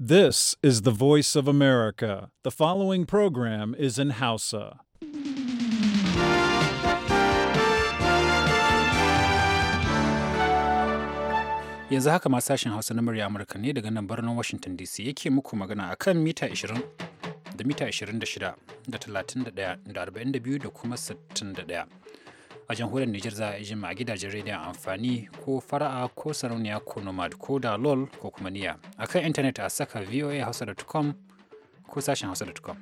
This is the voice of America. The following program is in Hausa. Yanzu haka ma sashen Hausa na murya Amurka ne daga nan birnin Washington DC yake muku magana akan mita 20 da mita 26 da 31 da 42 da kuma 61. a jamhuriyar Nijar za a ji a gidajen rediyon amfani ko fara'a ko sarauniya ko nomad ko da lol ko kuma niya. A kan intanet a saka voahausa.com ko sashen hausa.com.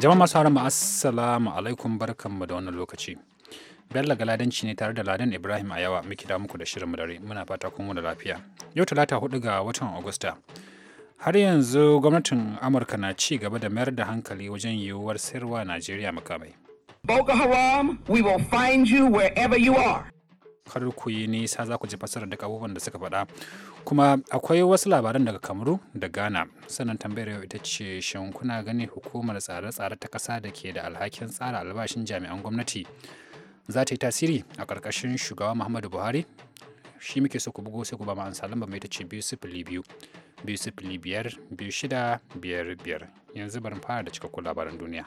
Jama'a masu haramu assalamu alaikum barkanmu da wannan lokaci. Bello Galadanci ne tare da Ladan Ibrahim a yawa muke da muku da shirin dare muna fata kun da lafiya. Yau talata hudu ga watan Agusta. har yanzu gwamnatin amurka na ci gaba da mayar da hankali wajen yiwuwar sayarwa najeriya makamai boko haram we will find you wherever you are kar ku yi nisa za ku ji fassara da abubuwan da suka faɗa kuma akwai wasu labaran daga kamaru da ghana sannan tambayar yau ita ce shin kuna gani hukumar tsare-tsare ta ƙasa da ke da alhakin tsara albashin jami'an gwamnati za ta yi tasiri a ƙarƙashin shugaba muhammadu buhari shi muke so ku bugo sai ku ba mu ansa lamba mai ta ce biyu sifili biyu biyu sifili biyar biyu shida biyar biyar yanzu barin fara da cikakkun labaran duniya.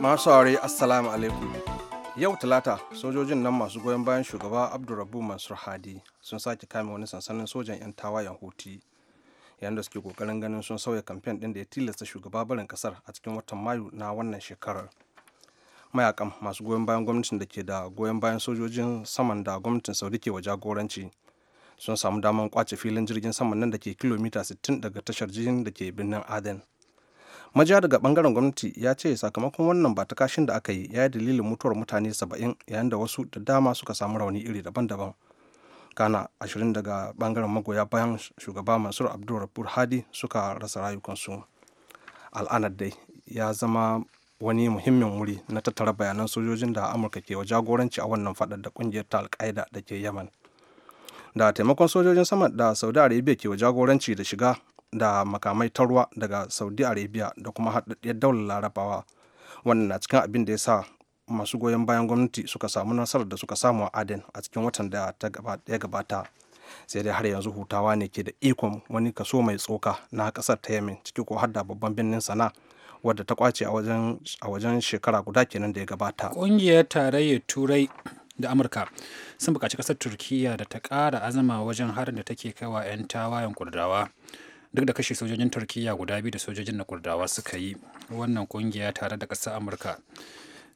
masu aure assalamu alaikum yau talata sojojin nan masu goyon bayan shugaba abdurrabu mansur hadi sun sake kame wani sansanin sojan 'yan tawayen huti yayin da suke kokarin ganin sun sauya kamfen din da ya tilasta shugaba barin kasar a cikin watan mayu na wannan shekarar mayakan masu goyon bayan gwamnatin da ke da goyon bayan sojojin saman da gwamnatin saudi ke wa jagoranci sun samu damar kwace filin jirgin saman nan da ke kilomita 60 daga tashar jirgin da ke birnin aden majiya daga bangaren gwamnati ya ce sakamakon wannan ba ta kashin da aka yi ya yi dalilin mutuwar mutane 70 yayin da wasu da dama suka samu rauni iri daban-daban kana 20 daga bangaren magoya bayan shugaba mansur abdulrabur hadi suka rasa rayukansu al'anar dai ya zama wani muhimmin wuri na tattara bayanan sojojin da amurka ke wa jagoranci a wannan fadar da kungiyar ta alkaida da ke yaman da taimakon sojojin sama da saudi arabia ke wa jagoranci da shiga da makamai ta ruwa daga saudi arabia da kuma haɗaɗɗiyar daular larabawa wannan na cikin abin da ya sa masu goyon bayan gwamnati suka samu nasarar da suka samu a aden a cikin watan da ya gabata sai dai har yanzu hutawa ne ke da ikon wani kaso mai tsoka na kasar ta yamin ciki ko har da babban birnin sana wadda ta kwace a wajen shekara guda kenan da ya gabata. Ƙungiyar tarayyar Turai da Amurka sun buƙaci kasar Turkiyya da ta ƙara azama wajen harin da take kaiwa 'yan tawayen Kurdawa. Duk da kashe sojojin Turkiyya guda biyu da sojojin na Kurdawa suka yi, wannan ƙungiya tare da ƙasar Amurka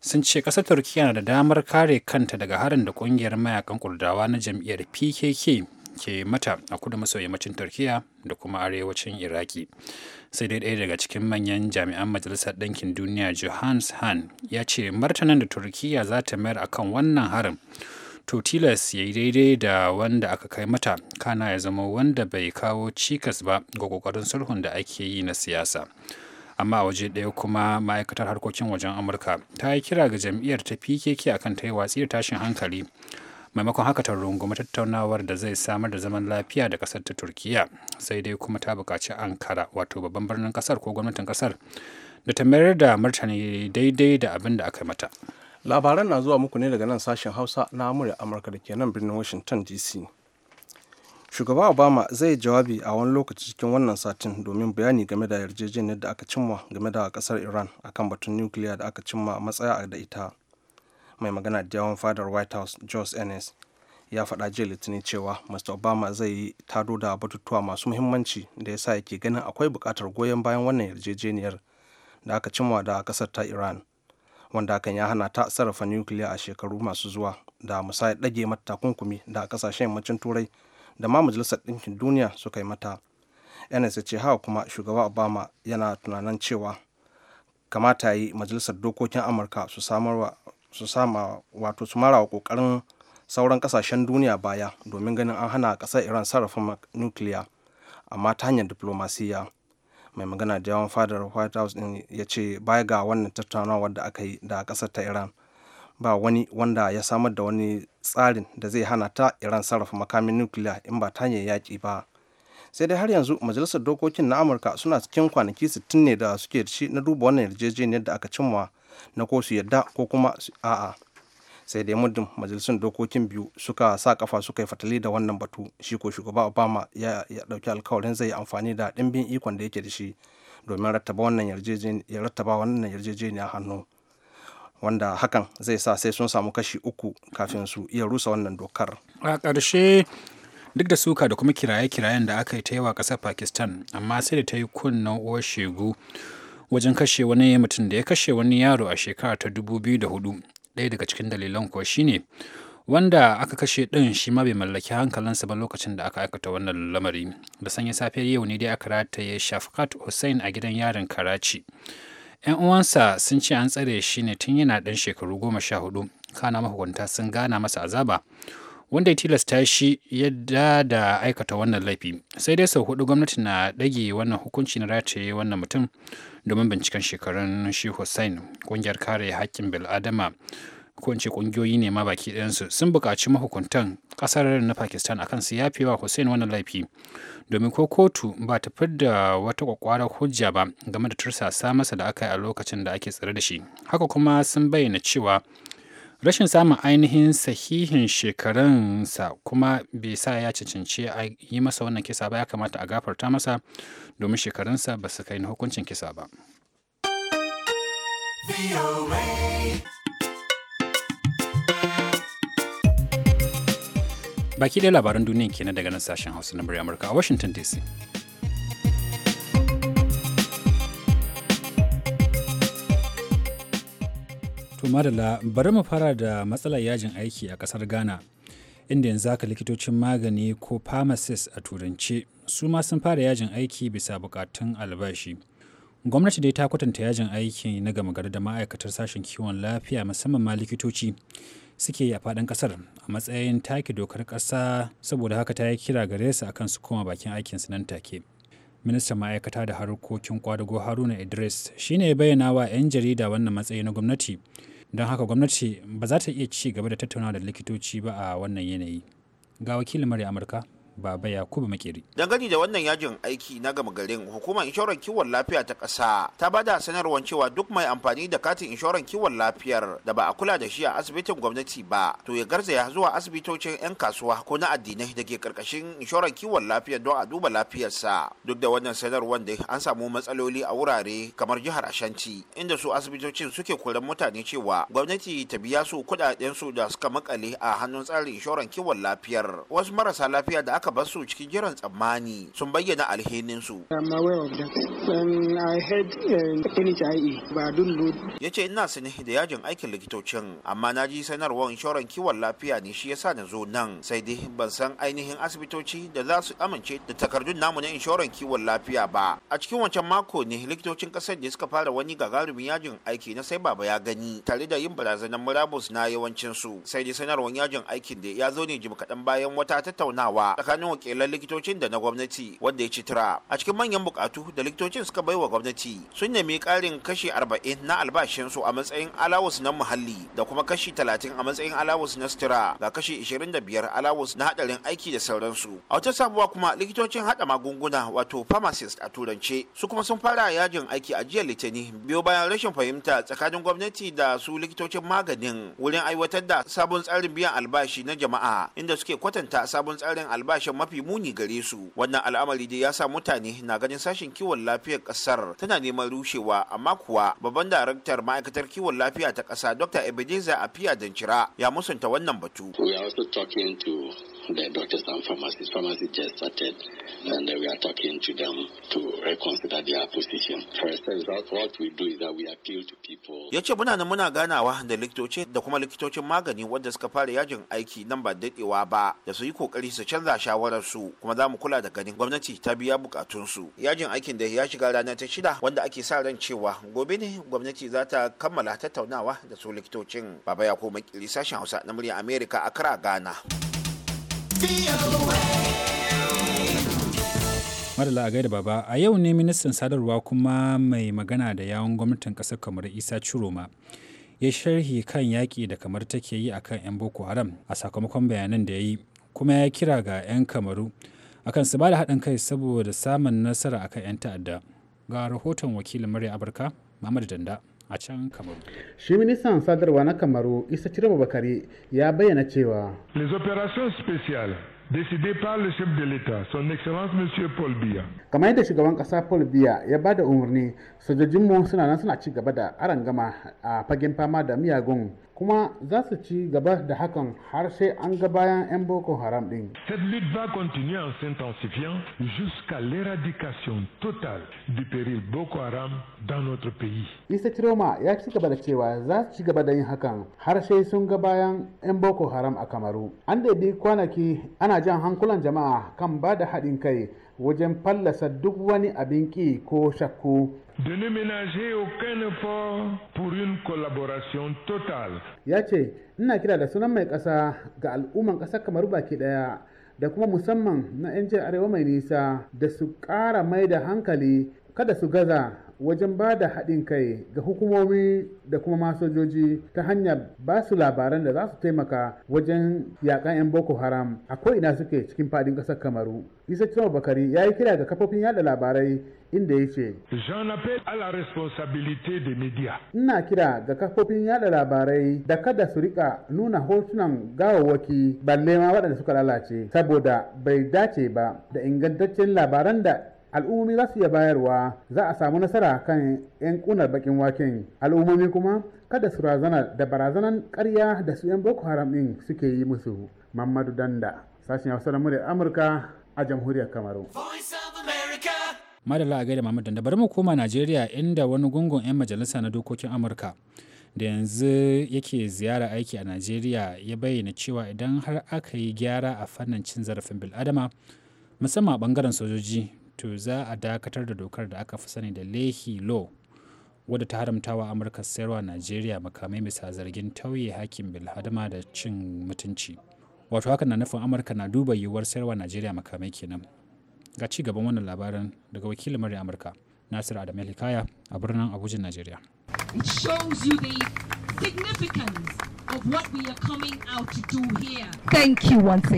sun ce kasar turkiya na da damar kare kanta daga harin da ƙungiyar mayakan kurdawa na jam'iyyar pkk ke mata a kudu maso yammacin turkiya da kuma arewacin iraki sai dai ɗaya daga cikin manyan jami'an majalisar ɗinkin duniya johannes han ya ce martanin da turkiya za ta mayar kan wannan harin to tilas ya yi daidai da wanda aka kai mata kana ya zama wanda bai kawo cikas ba ga kokarin sulhun da ake yi na siyasa amma waje ɗaya kuma ma'aikatar harkokin wajen amurka ta yi kira ga jam'iyyar ta pkk akan ta yi watsi da tashin hankali maimakon haka ta rungumi tattaunawar da zai samar da zaman lafiya da kasar ta turkiya sai dai kuma ta buƙaci ankara wato babban birnin kasar ko gwamnatin kasar da ta mayar da martani daidai da abin da aka mata labaran na zuwa muku ne daga nan sashen hausa na amurka da ke nan birnin washington dc shugaba obama zai jawabi a wani lokaci cikin wannan satin domin bayani game da yarjejeniyar da aka cimma game da kasar iran akan batun nukiliya da aka cimma a matsaya da ita mai magana da yawon fadar white house jos ennis ya faɗa jiya litinin cewa mr obama zai yi tado da batutuwa masu muhimmanci da ya sa yake ganin akwai buƙatar goyon bayan wannan yarjejeniyar da aka cimma da kasar ta iran wanda hakan ya hana ta sarrafa nukiliya a shekaru masu zuwa da musayar ɗage mata takunkumi da ƙasashen yammacin turai da ma majalisar ɗinkin duniya suka yi mata ns ce haka kuma shugaba obama yana tunanin cewa kamata yi majalisar dokokin amurka su samarwa su sama wato su mara wa kokarin sauran kasashen duniya baya domin ganin an hana ƙasar iran sarrafa nukiliya amma ta hanyar diplomasiya mai magana da yawan fadar white house ya ce baya ga wannan tattaunawar da aka yi da ƙasar ta iran ba wani wanda ya samar da wani tsarin da zai hana ta iran sarrafa makamin nukiliya in ba ta yi yaƙi ba sai dai har yanzu majalisar dokokin na amurka suna cikin kwanaki sittin ne da suke da shi na duba wannan yarjejeniyar da aka cimma na ko su yadda ko kuma a'a sai dai muddin majalisun dokokin biyu suka sa kafa suka yi fatali da wannan batu shi ko shugaba obama ya dauki alkawarin zai yi amfani da ɗimbin ikon da yake da shi domin rattaba wannan yarjejeniya hannu wanda hakan zai sa sai sun samu kashi uku kafin su iya rusa wannan dokar a ƙarshe duk da suka da kuma kiraye-kirayen da aka yi ta yawa ƙasar pakistan amma sai da ta yi kunnen uwar shegu wajen kashe wani mutum da ya kashe wani yaro a shekara ta 2004 ɗaya daga cikin dalilan kuwa shine wanda aka kashe ɗin shi ma bai mallaki hankalinsa ba lokacin da aka aikata wannan lamari da sanya safiyar yau ne dai aka rataye shafkat hussein a gidan yarin karachi 'yan uwansa sun ce an tsare shi ne tun yana ɗan shekaru goma sha hudu kana mahukunta sun gana masa azaba wanda ya tilasta shi yadda da aikata wannan laifi sai dai sau hudu gwamnati na ɗage wannan hukunci na rataye wannan mutum domin binciken shekarun shi hussain ƙungiyar kare haƙƙin bil'adama ko kungiyoyi ne ma baki ɗayansu sun buƙaci mahukuntan ƙasar na Pakistan akan su yafe wa Hussein wannan laifi domin ko kotu ba ta fidda wata ƙwaƙwarar hujja ba game da tursasa masa da aka yi a lokacin da ake tsare da shi haka kuma sun bayyana cewa rashin samun ainihin sahihin shekarunsa kuma bai sa ya cancanci a yi masa wannan kisa ba ya kamata a gafarta masa domin shekarunsa ba su kai na hukuncin kisa ba. Baki ɗaya labaran duniya kenan daga nan sashen Hausa na murya Amurka a Washington DC. To madalla bari mu fara da matsalar yajin aiki a ƙasar Ghana. Inda yanzu haka likitocin magani ko pharmacist a turance su ma sun fara yajin aiki bisa bukatun albashi. gwamnati dai ta kwatanta yajin aiki na gama gari da ma'aikatar sashen kiwon lafiya musamman ma likitoci suke yi a faɗin ƙasar a matsayin take dokar ƙasa saboda haka ta yi kira gare su akan su koma bakin aikinsu nan take. ministan ma'aikata da harkokin kwadago haruna idris shine bayyana wa 'yan jarida wannan matsayi na gwamnati don haka gwamnati ba za ta iya ci gaba da tattaunawa da likitoci ba a wannan yanayi ga wakilin murya amurka Baba Yakubu Makeri. Dangane da wannan yajin aiki na gama garin hukumar inshorar kiwon lafiya ta ƙasa ta bada sanarwar cewa duk mai amfani da katin inshorar kiwon lafiyar da ba a kula da shi a asibitin gwamnati ba to ya garzaya zuwa asibitocin 'yan kasuwa ko na addinai da ke karkashin inshorar kiwon lafiyar don a duba lafiyarsa. Duk da wannan sanarwar da an samu matsaloli a wurare kamar jihar Ashanti inda su asibitocin suke koran mutane cewa gwamnati ta biya su kuɗaɗen su da suka makale a hannun tsarin inshorar kiwon lafiyar. Wasu marasa lafiya da aka aka bar su cikin jiran tsammani sun bayyana su uh, e, Ya ce ina sani da yajin aikin likitocin amma na ji sanarwar inshoran kiwon lafiya ne shi yasa na zo nan sai dai ban san ainihin asibitoci da za su amince da takardun namu na inshoran kiwon lafiya ba. A cikin wancan mako ne likitocin kasar da suka fara wani gagarumin yajin aiki na sai baba ya gani tare da yin barazanar murabus na yawancin su sai dai sanarwar yajin aikin da ya zo ne jim kaɗan bayan wata tattaunawa tsakanin tsakanin wakilan likitocin da na gwamnati wanda ya ci tura a cikin manyan bukatu da likitocin suka bai wa gwamnati sun nemi karin kashi 40 na albashinsu a matsayin alawus na muhalli da kuma kashi 30 a matsayin alawus na sutura ga kashi 25 alawus na hadarin aiki da sauransu a wata sabuwa kuma likitocin hada magunguna wato pharmacist a turance su kuma sun fara yajin aiki a jiya litinin biyo bayan rashin fahimta tsakanin gwamnati da su likitocin maganin wurin aiwatar da sabon tsarin biyan albashi na jama'a inda suke kwatanta sabon tsarin albashi sashen mafi muni gare su wannan al'amari dai ya sa mutane na ganin sashen kiwon lafiyar kasar tana neman rushewa amma kuwa babban daraktar ma'aikatar kiwon lafiya ta kasa dr ebenezer afiya dancira ya musanta wannan batu the doctors and pharmacists. Pharmacists just started, and we are talking to them to reconsider their position. For result, what we do is that we appeal to people. Ya ce muna nan muna ganawa da likitoci da kuma likitocin magani wanda suka fara yajin aiki nan ba daɗewa ba da su yi kokari su canza shawararsu kuma za mu kula da ganin gwamnati ta biya bukatun su Yajin aikin da ya shiga ranar ta shida wanda ake sa ran cewa gobe ne gwamnati za ta kammala tattaunawa da su likitocin. Baba ya koma sashen Hausa na murya Amerika a kara Ghana. madala a gaida baba a yau ne ministan sadarwa kuma mai magana da yawon gwamnatin kasar kamar isa chiroma ya sharhi kan yaƙi da kamar take yi akan 'yan boko haram a sakamakon bayanan da ya yi kuma ya kira ga 'yan kamaru akan su ba da haɗin kai saboda samun nasara akan 'yan ta'adda ga rahoton wakilin murya amurka muhammadu danda a can kamaru shi ministan sadarwa na kamaru isa cire bakari ya bayyana cewa les opérations spéciales décidé par le chef de l'État, son excellence monsieur Paul Biya. Kamar yadda shugaban kasa Paul Biya ya bada umarni, sojojinmu suna nan suna ci gaba da arangama a fagen fama da miyagun kuma za su ci gaba da hakan har sai an ga bayan 'yan boko haram din. Cette lutte va continuer en s'intensifiant jusqu'à l'éradication totale du péril Boko Haram dans notre pays. Isa Chiroma ya ci gaba da cewa za su ci gaba da yin hakan har sai sun ga bayan 'yan boko haram a Kamaru. An daidai kwanaki ana jan hankulan jama'a kan ba da haɗin kai wajen fallasa duk wani abin ƙi ko shakku de ne ménager aucun effort pour une collaboration totale. Ya ce, ina kira da sunan mai ƙasa ga al'umman ƙasar kamar baki ɗaya da kuma musamman na 'yan arewa mai nisa da su ƙara mai da hankali kada su gaza wajen ba da haɗin kai ga hukumomi da kuma masojoji ta hanyar ba su labaran da za su taimaka wajen yakan 'yan boko haram a ko'ina suke cikin faɗin ƙasar kamaru isa cewa bakari ya yi kira ga kafofin yada labarai inda ya ce ina kira ga kafofin yada labarai da kada su rika nuna hotunan gawawwaki balle ma waɗanda suka lalace saboda bai dace ba da ingantaccen labaran da al'ummomi za su iya bayarwa za a samu nasara kan 'yan kunar bakin waken al'ummomi kuma kada su razana da barazanan karya da su 'yan boko haram din suke yi musu mamadu danda sashen hausa da muryar amurka a jamhuriyar kamaru madalla a gaida mamadu danda bari mu koma najeriya inda wani gungun 'yan majalisa na dokokin amurka da yanzu yake ziyara aiki a najeriya ya bayyana cewa idan har aka yi gyara a fannin cin zarafin bil'adama musamman a bangaren sojoji to za a dakatar da dokar da aka fi sani da lehi lo wadda ta haramtawa amurka sayarwa najeriya makamai bisa zargin tauye hakkin bilhadama da cin mutunci wato hakan na nufin amurka na duba yiwuwar sayarwa najeriya makamai kenan ga ci gaban wannan labarin daga wakilin murya amurka nasir adam hikaya a birnin abuja najeriya it shows you the significance of what we coming out to do here. Thank you once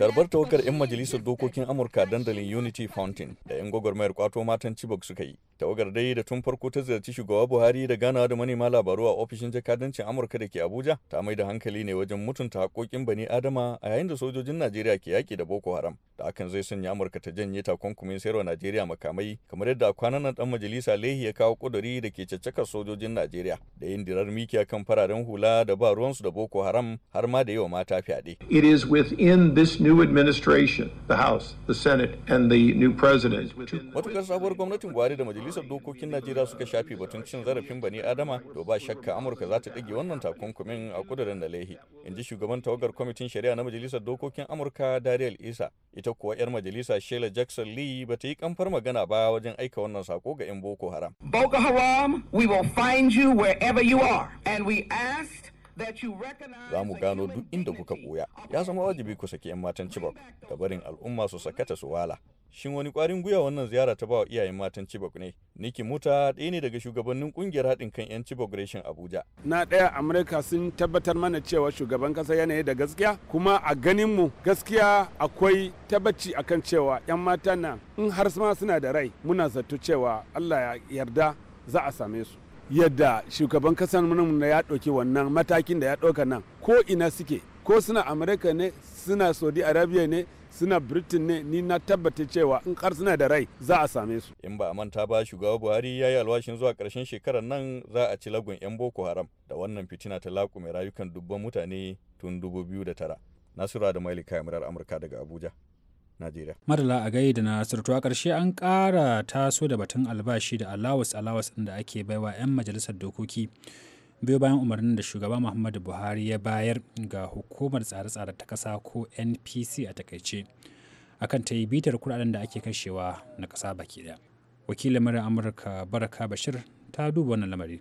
Tarbar tawakar 'yan majalisar dokokin Amurka dandalin Unity Fountain da 'yan gwagwarmayar kwato matan Chibok suka yi tawagar dai da tun farko ta ziyarci shugaba buhari da ganawa da manema labaru a ofishin jakadancin amurka da ke abuja ta mai da hankali ne wajen mutunta haƙoƙin bani adama a yayin da sojojin najeriya ke yaƙi da boko haram da hakan zai sanya amurka ta janye takunkumin sayarwa najeriya makamai kamar yadda kwanan nan dan majalisa lehi ya kawo ƙuduri da ke caccakar sojojin najeriya da yin dirar mikiya kan fararen hula da ba ruwansu da boko haram har ma da yiwa mata fyaɗe. it is within this new administration the house the senate and the new president. sabuwar gwamnatin buhari da majalisa majalisar dokokin najeriya suka shafi batun cin zarafin bani adama to ba shakka amurka za ta ɗage wannan takunkumin a kudurin da laihi in ji shugaban tawagar kwamitin shari'a na majalisar dokokin amurka dariel isa ita kuwa yar majalisa shela jackson lee ba ta yi kamfar magana ba wajen aika wannan sako ga yan boko haram boko haram we will find you wherever you are and we za mu gano duk inda kuka ɓoya ya zama wajibi ku saki 'yan matan cibok da barin al'umma su sakata su wala Shin wani kwarin gwiwa wannan ziyara ta ba wa iyayen matan Chibok ne? Niki Muta ɗaya ne daga shugabannin kungiyar haɗin kan 'yan Chibok Reshen Abuja. Na ɗaya Amurka sun tabbatar mana cewa shugaban ƙasa yanayi da gaskiya kuma a ganin mu gaskiya akwai tabbaci akan cewa 'yan mata nan in har ma suna da rai muna zato cewa Allah ya yarda za a same su. Yadda shugaban ƙasar mun ya ɗauki wannan matakin da ya ɗauka nan ko ina suke ko suna amurka ne suna saudi arabia ne suna britain ne ni na tabbata cewa in kar suna da rai za a same su in ba a manta ba shugaba buhari ya yi alwashin zuwa karshen shekarar nan za a ci lagun yan boko haram da wannan fitina ta laƙume rayukan dubban mutane tun 2009 nasura da mailika murar amurka daga abuja Najeriya. Madala a gaida na sirtu a karshe an ƙara taso da batun albashi da alawas alawas da ake baiwa 'yan majalisar dokoki. biyo bayan umarnin da shugaba muhammadu buhari ya bayar ga hukumar tsare-tsare ta kasa ko npc a takaice akan ta yi bitar kuɗaɗen da ake kashewa na ƙasa baki ɗaya wakilin murar amurka baraka bashir ta duba wannan lamari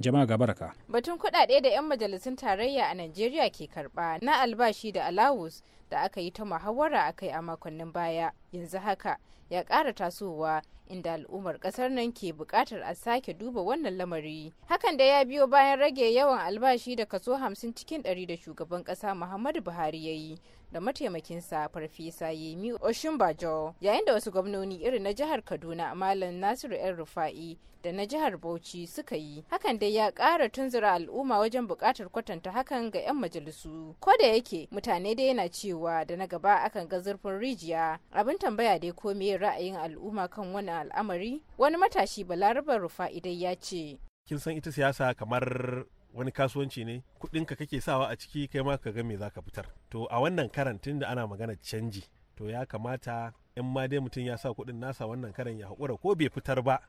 jama'a ga baraka batun kuɗaɗe da 'yan majalisun tarayya a najeriya ke karɓa na albashi da alawus da aka yi ta muhawara a kai a makonnin baya yanzu haka ya ƙara tasowa inda al'ummar kasar nan ke buƙatar a sake duba wannan lamari hakan da ya biyo bayan rage yawan albashi da kaso 50 cikin 100 da shugaban ƙasa muhammadu buhari ya yi da mataimakin sa farfesa yemi oshimbajo yayin da wasu gwamnoni irin na jihar kaduna malam nasiru yan rufa'i da na jihar bauchi suka yi hakan dai ya kara tunzura al'umma wajen bukatar kwatanta hakan ga 'yan majalisu ko da yake mutane dai yana cewa da na gaba akan ga zurfin rijiya abin tambaya dai ko me ra'ayin al'umma kan wani al'amari wani matashi balarabar rufa'i dai ya ce kin san ita siyasa kamar wani kasuwanci ne kuɗinka kake sawa a ciki kai ma ka ga me za ka fitar to a wannan karantin da ana magana canji to ya kamata in ma dai mutum ya sa kuɗin nasa wannan karan ya haƙura ko bai fitar ba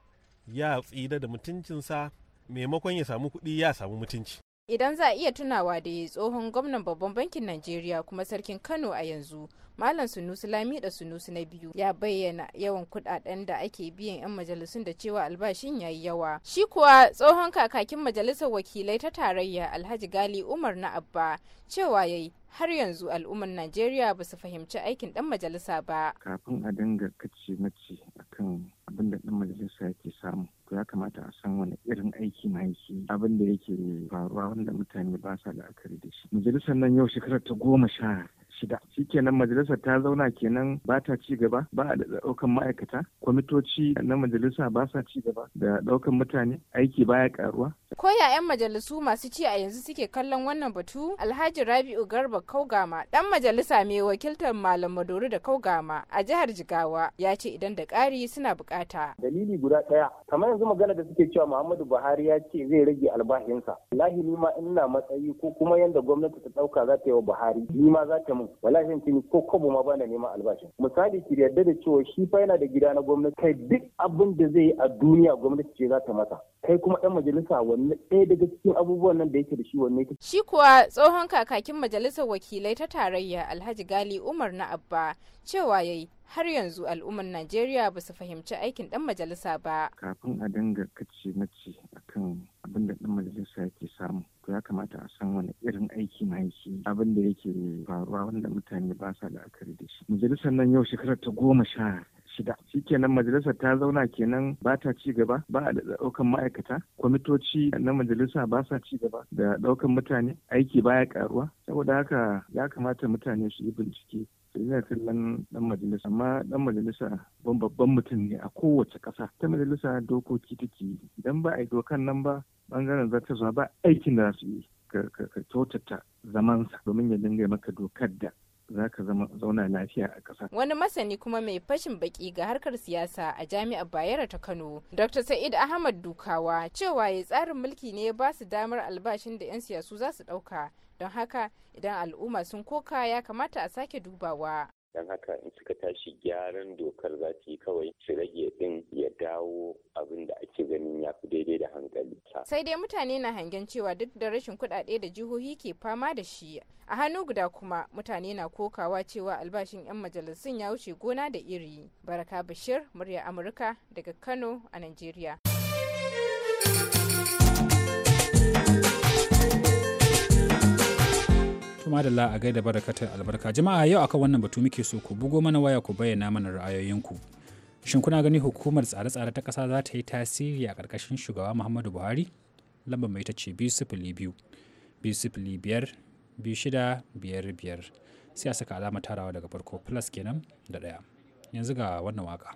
ya tsida da mutuncinsa maimakon ya samu kuɗi ya samu mutunci idan za a iya tunawa da tsohon gwamnan babban bankin najeriya kuma sarkin kano a yanzu Malam Sunusi da Sunusi na biyu ya bayyana yawan kuɗaɗen da ake biyan 'yan majalisun da cewa albashin ya yi yawa. Shi kuwa tsohon kakakin majalisar wakilai ta tarayya Alhaji Gali Umar na Abba cewa ya yi har yanzu al'ummar Najeriya ba su fahimci aikin ɗan majalisa ba. Kafin a dinga kace mace akan abin da ɗan majalisa yake samu, to ya kamata a san wani irin aiki ma yake abin da yake faruwa wanda mutane ba sa la'akari da shi. Majalisar nan yau shekarar ta goma sha shida shikenan majalisa ta zauna kenan ba ta ci gaba ba a daukan ma'aikata kwamitoci na majalisa ba sa ci gaba da daukan mutane aiki baya karuwa koya 'yan majalisu masu ci a yanzu suke kallon wannan batu alhaji rabi'u garba kaugama dan majalisa mai wakiltar malam maduru da kaugama a jihar jigawa ya ce idan da ƙari suna bukata dalili guda ɗaya kamar yanzu magana da suke cewa muhammadu buhari ya ce zai rage albashinsa wallahi ni ma ina matsayi ko kuma yanda gwamnati ta ɗauka za ta yi wa buhari ni ma za ta mun wallahi zan ko kobo ma bana neman albashin misali ki yarda da cewa shi fa yana da gida na gwamnati kai duk abin da zai yi a duniya gwamnati ce za ta masa kai kuma ɗan majalisa wani ɗaya daga cikin abubuwan nan da yake da shi wanne ta shi kuwa tsohon kakakin majalisar wakilai ta tarayya alhaji gali umar na abba cewa yayi har yanzu al'ummar najeriya ba su fahimci aikin ɗan majalisa ba kafin a dinga kace mace akan abin da dan majalisa yake samu to ya kamata a san wani irin aiki ma yake abin da yake faruwa wanda mutane ba sa la'akari da shi majalisar nan yau shekarar ta goma sha shida shikenan majalisar ta zauna kenan ba ta ci gaba ba a daukan ma'aikata kwamitoci na majalisa ba sa ci gaba da daukan mutane aiki baya karuwa saboda haka ya kamata mutane su yi bincike sai kallon dan majalisa amma dan majalisa ban babban mutum ne a kowace ƙasa ta majalisa dokoki take yi idan ba a yi dokan nan ba bangaren zuwa ba aikin da su yi ka kyautata zamansa domin ya dinga maka dokar da za ka zauna lafiya a ƙasa. Wani masani kuma mai fashin baki ga harkar siyasa a jami'ar Bayero ta Kano, Dr. Sa'id Ahmad Dukawa, cewa ya tsarin mulki ne ya ba su damar albashin da 'yan siyasu za su ɗauka. Don haka idan al'umma sun koka ya kamata a sake dubawa. don haka in suka tashi gyaran dokar za ta yi kawai su rage din ya dawo abin da ake ganin ya fi daidai da hankali sai dai mutane na hangen cewa duk da rashin kuɗaɗe da jihohi ke fama da shi a hannu guda kuma mutane na kokawa cewa albashin 'yan majalisun ya wuce gona da iri baraka bashir murya amurka daga kano a nigeria. To a gaida barakatar albarka. Jama'a yau akan wannan batu muke so ku bugo mana waya ku bayyana mana ra'ayoyinku. Shin kuna gani hukumar tsare-tsare ta ƙasa za ta yi tasiri a ƙarƙashin shugaba Muhammadu Buhari? lamba mai ta ce biyu sifili biyu, biyu sifili biyar, biyu shida biyar biyar. Sai a saka alamar tarawa daga farko plus kenan da ɗaya. Yanzu ga wannan waka.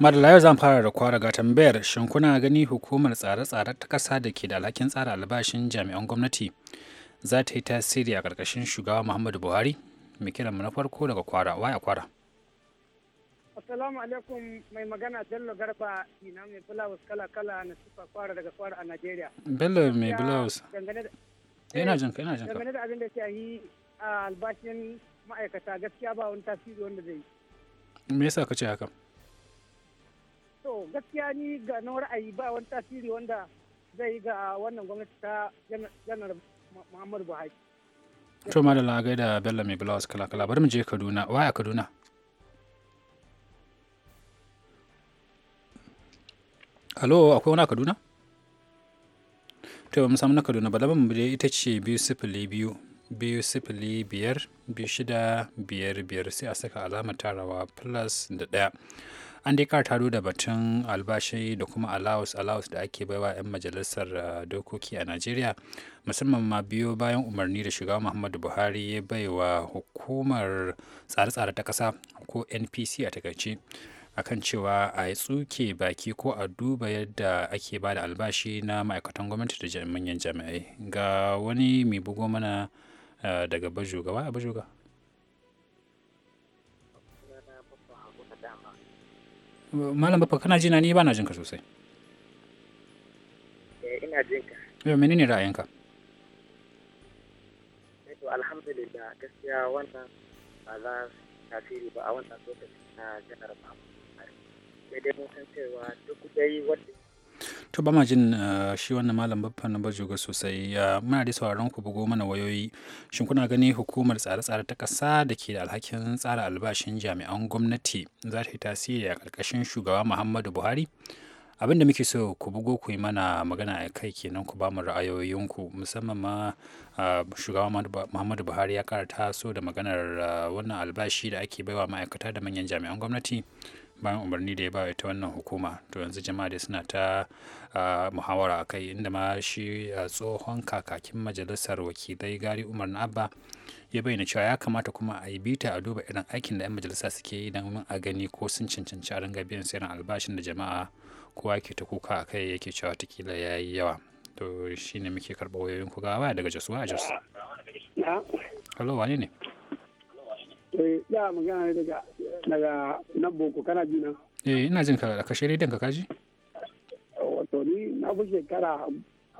madalla yau zan fara da kwaraga tambayar shin kuna gani hukumar tsare-tsare ta ƙasa da ke da alhakin tsara albashin jami'an gwamnati za ta yi tasiri a ƙarƙashin shugaba muhammadu buhari mai kira mu na farko daga kwara waya kwara assalamu alaikum mai magana bello garba ina mai blouse kala kala na sifa kwara daga kwara a nigeria bello mai blouse eh, ina jin ka ina jin ka dangane da abin da ke yi a albashin ma'aikata gaskiya ba wani tasiri wanda zai yi. me yasa ka ce haka to gaskiya ni ga nan ra'ayi ba wani tasiri wanda zai yi ga wannan gwamnati ta janar muhammadu buhari to ma da lagai da bello mai blouse kala-kala bari mu je kaduna waya kaduna alo akwai wani Kaduna? To, ba mu samu na Kaduna ba, labar mu da ita ce biyu sifili biyu, biyu sifili biyar, biyu shida biyar biyar sai a saka alamar tarawa plus da daya an dai kar taro da batun albashi da kuma allowance allowance da ake baiwa 'yan majalisar uh, dokoki a nigeria musamman ma biyo bayan umarni da shiga muhammadu buhari ya baiwa hukumar tsare-tsare ta ƙasa ko npc a takaice akan cewa a tsuke baki ko a duba yadda ake ba da albashi na ma'aikatan gwamnati da manyan jami'ai ga wani mai bugo mana uh, daga bajuga wa bajuga malam bafa kana jina ni bana jinka sosai eh, ina jinka yau menene ra'ayinka eh, to alhamdulillah gaskiya wannan ba za tasiri ba a wannan lokaci na janar ba sai dai mun san cewa duk dai wanda To ba ma eh, shi wannan malam babban na bajoga sosai muna da sauraron ku bugo mana wayoyi shin kuna gani hukumar tsare-tsare ta ƙasa da ke da alhakin tsara albashin jami'an gwamnati za ta yi tasiri a ƙarƙashin shugaba Muhammadu Buhari? abin da muke so ku bugo ku yi mana magana a kai kenan ku ba mu ra'ayoyinku musamman ma eh, shugaba muhammadu buhari ya karata so da maganar eh, wannan albashi da ake baiwa ma'aikata da manyan jami'an gwamnati bayan umarni da ya ba ita wannan hukuma to yanzu jama'a da suna ta muhawara a kai inda ma shi tsohon kakakin majalisar wakilai gari umar abba ya bayyana cewa ya kamata kuma a yi bita a duba irin aikin da 'yan majalisa suke yi don a gani ko sun cancanci a ringa biyan sayan albashin da jama'a kowa ke ta kuka a kai yake cewa watakila ya yi yawa to ne muke karɓar wayoyin ku waya daga jasuwa a jos. Hello, wane ne? da eh, magana ne daga daga nan boko kana ji nan eh ina jin ka kashe rediyon ka kaji wato ni na fi shekara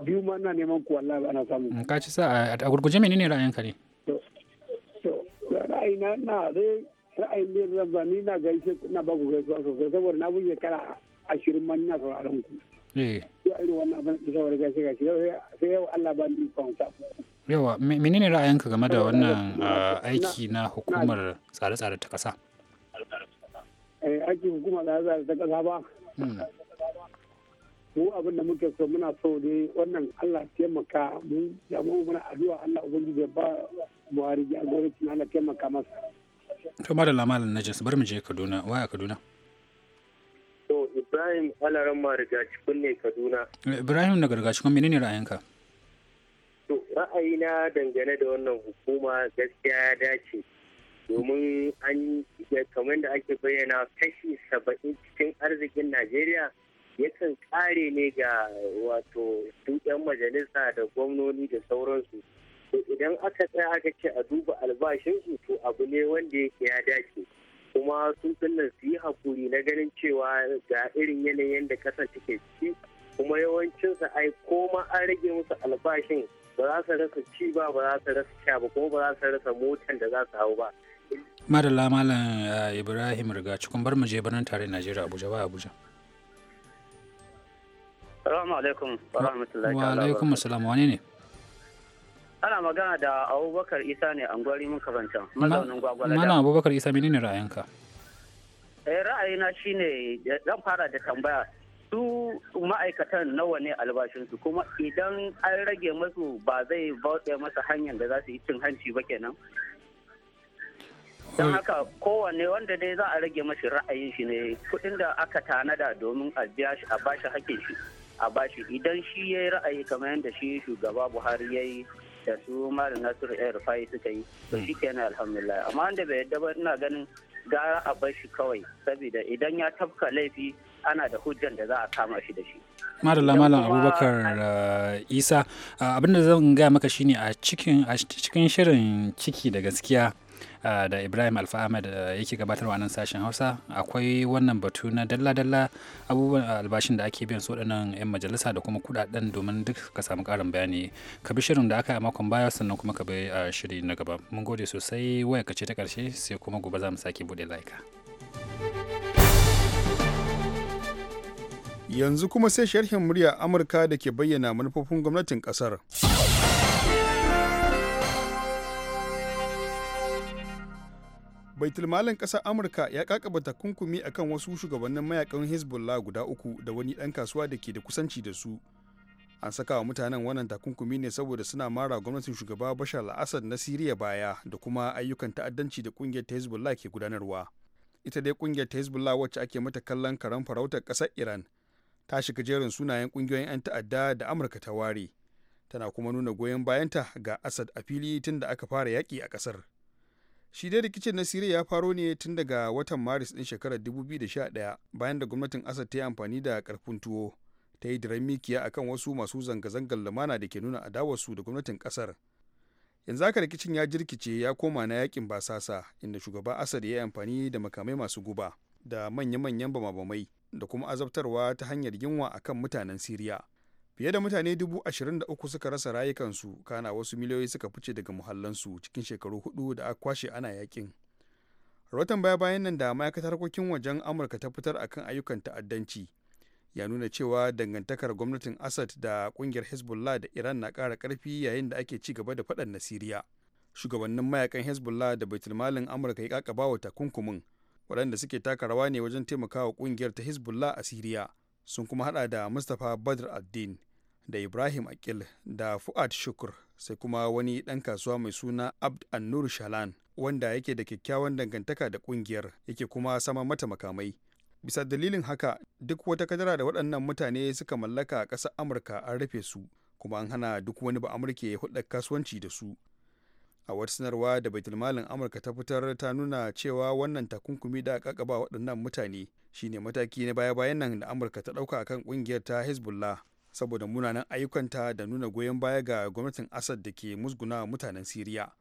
biyu ma na neman ku wallahi ana samu mm, ka ci sa a gurguje menene ra'ayin ka ne to to ra'ayina na dai ra'ayin ne zan ni na gaishe na ba ku gaisuwa sosai saboda na fi shekara ashirin ma ina sauraron ku eh ya irin wannan abin da saboda gaishe gaishe sai yau Allah ba ni fahimta Yauwa, menene ra'ayinka game da wannan ah, aiki na hukumar tsare-tsare ta ƙasa? Eh, aikin hukumar tsare-tsare ta ƙasa ba. Hmm. Mu abin da muke so muna so ne wannan Allah taimaka mu mu muna addu'a Allah ubangiji ya ba Buhari jagoranci Allah taimaka masa. To madalla na Najis bar mu je Kaduna, waya Kaduna. To Ibrahim Alaramma daga cikin ne Kaduna. Eh, Ibrahim daga kuma menene ra'ayinka? To ra'ayina dangane da wannan hukuma gaskiya ya dace domin an kamar da ake bayyana kashi saba'in cikin arzikin Najeriya yakan kare ne ga wato su 'yan majalisa da gwamnoni da sauransu. To idan aka tsaya aka ce a duba albashinsu to abu ne wanda yake ya dace. kuma sun nan su yi hakuri na ganin cewa ga irin yanayin da ƙasa take ciki kuma yawancinsa ai ko ma an rage musu albashin ba za su rasa ci ba ba za su rasa sha ba kuma ba za su rasa motan da za su hau ba. Madalla Malam eh, Ibrahim Riga cikin bar mu je birnin tare Najeriya Abuja ba Abuja. Salamu alaikum wa rahmatullahi wa alaikum assalam wane ne? Ana magana da Abubakar Isa ne an gwari mun kabancan mazaunin gwagwala. Malam Abubakar Isa menene ra'ayinka? Eh ra'ayina shine eh, zan fara da tambaya ma'aikatan nawa ne albashinsu kuma idan an rage masu ba zai bauɗe masa hanyar da za su yi cin hanci ba kenan don haka kowane wanda dai za a rage mashi ra'ayin shi ne kudin da aka tanada domin a biya shi a bashi hakin shi a bashi idan shi ya yi ra'ayi kamar yadda shi shugaba buhari ya yi da su malam nasiru yan yi suka yi da shi kenan alhamdulillah amma wanda bai yadda ba ina ganin gara a bashi kawai saboda idan ya tafka laifi ana da hujjan da za a kama shi da shi madalla malam abubakar uh, isa uh, abinda zan gaya maka shine a cikin shirin ciki da gaskiya uh, da ibrahim alfa ahmed yake gabatarwa nan sashen hausa akwai wannan batu na dalla-dalla abubuwan albashin da ake biyan su waɗannan 'yan majalisa da kuma kudaden domin duk ka samu ƙarin bayani ka bi shirin da aka yi makon baya sannan kuma ka bi shiri na gaba mun gode sosai waya ka ce ta ƙarshe sai kuma gobe za mu sake buɗe laika. Yanzu kuma sai sharhin murya Amurka da ke bayyana manufofin gwamnatin ƙasar. baitulmalin ƙasar amurka ya kakaba takunkumi akan wasu shugabannin mayakan hezbollah guda uku da wani ɗan kasuwa da ke da kusanci da su an saka wa mutanen wannan takunkumi ne saboda suna mara gwamnatin shugaba bashar al na siriya baya da kuma ayyukan ta'addanci da kungiyar ta hezbollah ke gudanarwa ita dai kungiyar ta hezbollah wacce ake mata kallon karan farautar ƙasar iran ta shiga jerin sunayen kungiyoyin 'yan ta'adda da amurka ta ware tana kuma nuna goyon bayanta ga asad a fili tun da aka fara yaƙi a ƙasar shi dai rikicin na siriya ya faro ne tun daga watan maris ɗin shekarar 2011 bayan da gwamnatin asad ta yi amfani da karfin tuwo ta yi diramikiya mikiya akan wasu masu zanga-zangar lumana da ke nuna adawarsu da gwamnatin ƙasar yanzu haka rikicin ya jirkice ya koma na yakin basasa inda shugaba asad ya yi amfani da makamai masu guba da manya-manyan bamabamai da kuma azabtarwa ta hanyar yunwa a kan mutanen siriya fiye da mutane dubu ashirin da uku suka rasa rayukansu kana wasu miliyoyi suka fice daga muhallansu cikin shekaru hudu da aka kwashe ana yakin rahoton baya bayan nan da ma'aikatar harkokin wajen amurka ta fitar a kan ayyukan ta'addanci ya nuna cewa dangantakar gwamnatin assad da kungiyar hezbollah da iran na kara karfi yayin da ake ci gaba da faɗan na siriya shugabannin mayakan hezbollah da baitulmalin amurka ya kakaba wa takunkumin waɗanda suke taka rawa ne wajen taimakawa ƙungiyar ta hezbollah a siriya sun kuma hada da mustapha badr addin da ibrahim akil da fuad shukur sai kuma wani ɗan kasuwa mai suna abd nur shalan wanda yake da kyakkyawan dangantaka da ƙungiyar yake kuma sama mata makamai bisa dalilin haka duk wata kadara da waɗannan mutane suka mallaka a ƙasar amurka an rufe su kuma an hana duk wani ba amurka ya hulɗa kasuwanci da su a wata sanarwa da baitulmalin amurka ta fitar ta nuna cewa wannan takunkumi da kakaba waɗannan mutane shine mataki na baya-bayan nan da amurka ta ɗauka kan ƙungiyar ta hezbollah saboda munanan ayyukanta da nuna goyon baya ga gwamnatin asad da ke musguna mutanen siriya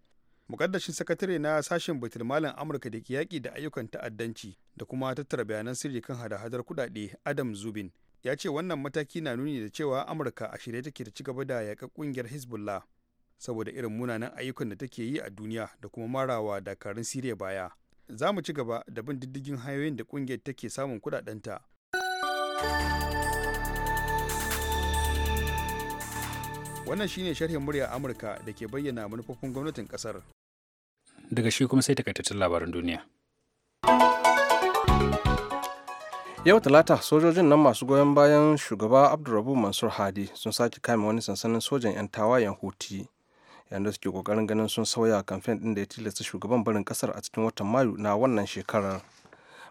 mukaddashin sakatare na sashen baitulmalin amurka da ke yaƙi da ayyukan ta'addanci da kuma tattara bayanan sirri kan hada-hadar kuɗaɗe adam zubin ya ce wannan mataki na nuni da cewa amurka a shirye take ta ci gaba da yaƙar ƙungiyar hezbollah saboda irin munanan ayyukan da take yi a duniya da kuma marawa da karin siriya baya za mu ci gaba da bin diddigin hanyoyin da kungiyar take samun kudadenta wannan shine sharhin murya amurka da ke bayyana manufofin gwamnatin kasar daga shi kuma sai takaitattun labaran duniya yau talata sojojin nan masu goyon bayan shugaba abdulrabu mansur hadi sun sake kame wani sansanin sojan 'yan tawayen huti yadda suke kokarin ganin sun sauya kamfen din da ya tilasta shugaban barin kasar a cikin watan mayu na wannan shekarar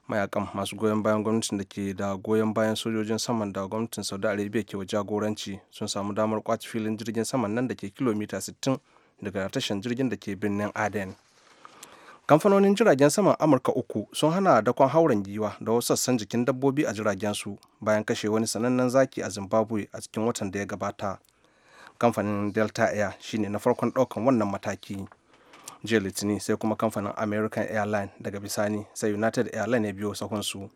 mayakan masu goyon bayan gwamnatin da ke da goyon bayan sojojin saman da gwamnatin saudi arabia ke jagoranci sun samu damar kwace filin jirgin saman nan da ke kilomita 60 daga tashan jirgin da ke birnin aden kamfanonin jiragen saman amurka uku sun hana dakon hauren giwa da wasu sassan jikin dabbobi a jiragen su bayan kashe wani sanannen zaki a zimbabwe a cikin watan da ya gabata kamfanin delta air shine na farkon daukan wannan mataki jiya litini sai kuma kamfanin american airline daga bisani sai united airline ya biyo sahunsu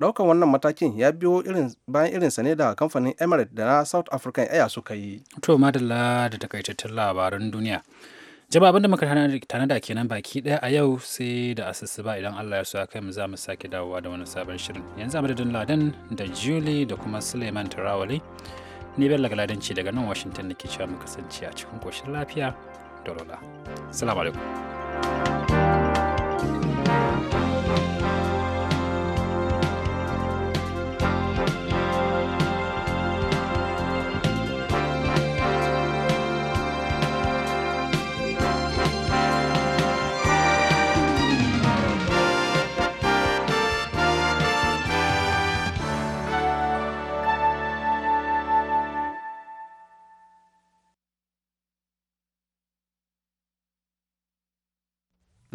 ɗaukan wannan matakin ya biyo irin bayan irinsa ne da kamfanin emirates da na south african air suka yi to madalla da takaitattun labaran duniya jama'a abinda muka tana da kenan baki daya a yau sai da asusu ba idan Allah ya so aka mu za mu sake dawowa da wani sabon shirin yanzu a madadin ladan da juli da kuma suleiman tarawale ni bella galadanci daga nan washington nake cewa mu kasance a cikin koshin lafiya da rola assalamu alaikum